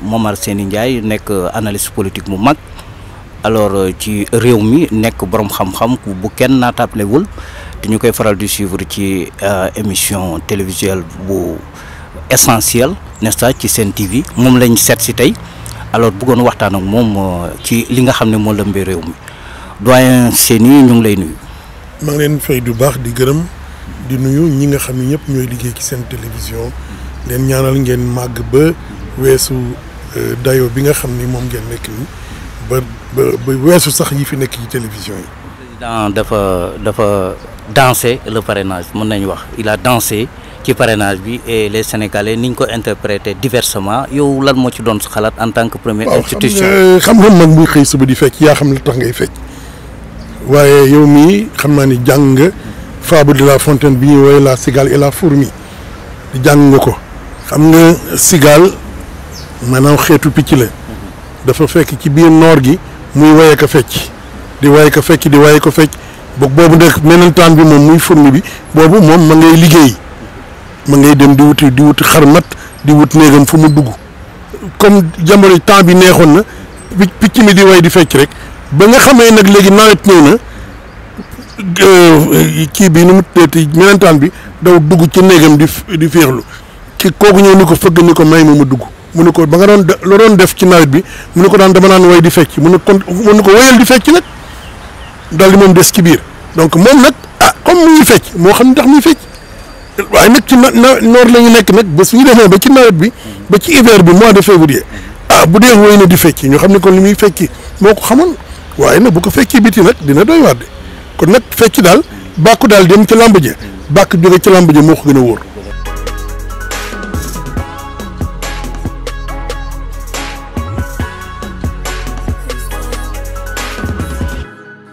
Momar Seni Ndiaye nekk analyste politique mu mag alors euh, ci réew mi nekk boroom xam-xam bu kenn naataablewul te ñu koy faral di suivre ci euh, émission télévisuelle bu essentiel nest ci seen TV moom lañ seet si tey alors bëggoon waxtaan ak moom euh, ci li nga xam ne moo lëmbee réew mi doyen Seni ñu ngi lay nuyu. maa ngi leen fay du baax di gërëm di nuyu ñi nga xam ne ñëpp ñooy liggéey ci seen télévision leen ñaanal ngeen màgg ba weesu. dayoo bi nga xam ni moom ngeen nekk nii ba ba ba weesu sax yi fi nekk ci télévision yi. président dafa dafa dansé le parenage mën nañu wax il a dansé ci parenage bi e les sénégalais ni ñu ko interprété diversement yow lan moo ci doon xalaat en tant que première institution xam nga mag muy xëy suba di fecc yaa xam ne la tax ngay fecc waaye yow mii xam naa ni jàng nga fable de la fontaine bi ñuy woowee la cigale et la fourmi jàng nga ko xam nga cigale maanaam xeetu picc la dafa fekk ci biir noor gi muy waye ko fecc di waye ko fecc di waye ko fecc boog boobu nag menentaan bi moom muy fourmi bi boobu moom ma ngay liggéey ma ngay dem di wuti di wuti xarmat di wut néegam fu mu dugg comme jamono temps bi neexoon na picc mi di way di fecc rek ba nga xamee nag léegi nawet ñëw na euh, kii bi nu mu teeti menentaan bi daw dugg ci néegam di di féexlu ci kooku ñëw ni ko fëgg ni ko may ma ma dugg mu ne ko ba nga doon la doon def ci nawet bi mu ne ko daan dama naan way di fecc mu ne kon mu ne ko wéyal di fecc nag daal di moom des ci biir donc moom nag ah comme muy fecc moo xam ndax muy fecc waaye nag ci na noor la ñu nekk nag ba su ñu demee ba ci nawet bi ba ci hiver bi mois de février ah bu dee wéy na di fecc ñu xam ne kon li muy fecc moo ko xamoon waaye nag bu ko feccee biti nag dina doy waat de kon nag fecc daal bàkku daal dem ci làmb ja bàkk jóge ci làmb ja moo ko gën a wóor.